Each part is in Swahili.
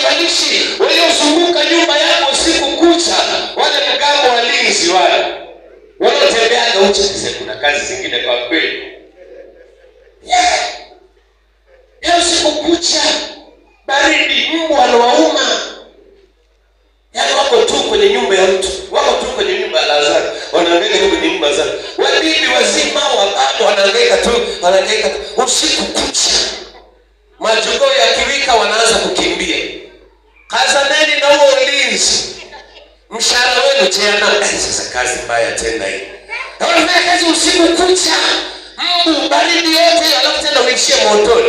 vitamishi waliozunguka nyumba yako siku kucha, wale mgambo walinzi wale wanaotembeaga uchi. Kuna kazi zingine kwa kweli yeah. Leo siku kucha, baridi, mbu wanawauma, yani, wako tu kwenye nyumba ya mtu, wako tu kwenye nyumba ya Lazaro, wanaangaika tu kwenye nyumba za wabibi wazima, wababa wanaangaika tu, wanaangaika usiku kucha, majogoo ya kirika wanaanza kazaneni na huo ulinzi, mshahara wenu tena. Eh, sasa kazi mbaya tena hii, nafanya kazi usiku kucha, mbu baridi yote, alafu tena uishie motoni.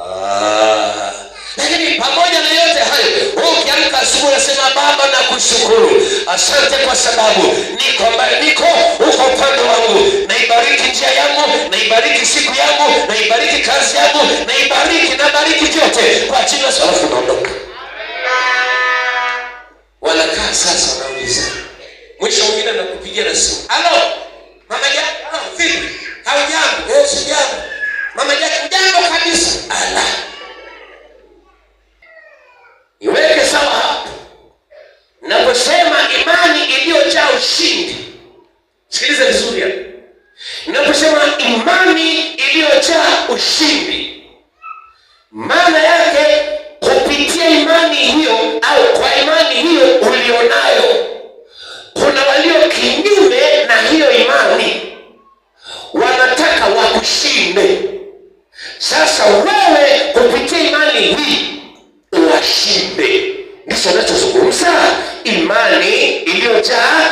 Ah, lakini pamoja na yote hayo, wewe ukiamka asubuhi unasema Baba, nakushukuru, asante kwa sababu niko ambaye niko, uko upande wangu, naibariki njia yangu, naibariki siku yangu, naibariki kazi yangu, naibariki, nabariki vyote kwa jina la sasa wanauliza. Mwisho mwingine anakupigia na simu. Halo, mama Jack, ah, vipi? Haujambo? Eh, jambo Mama Jack, jambo kabisa. Ala. Iweke sawa hapo. Naposema imani iliyojaa ushindi. Sikiliza vizuri hapo. Naposema imani iliyojaa ushindi. Maana ya imani hii uwashinde, ndicho anachozungumza imani iliyojaa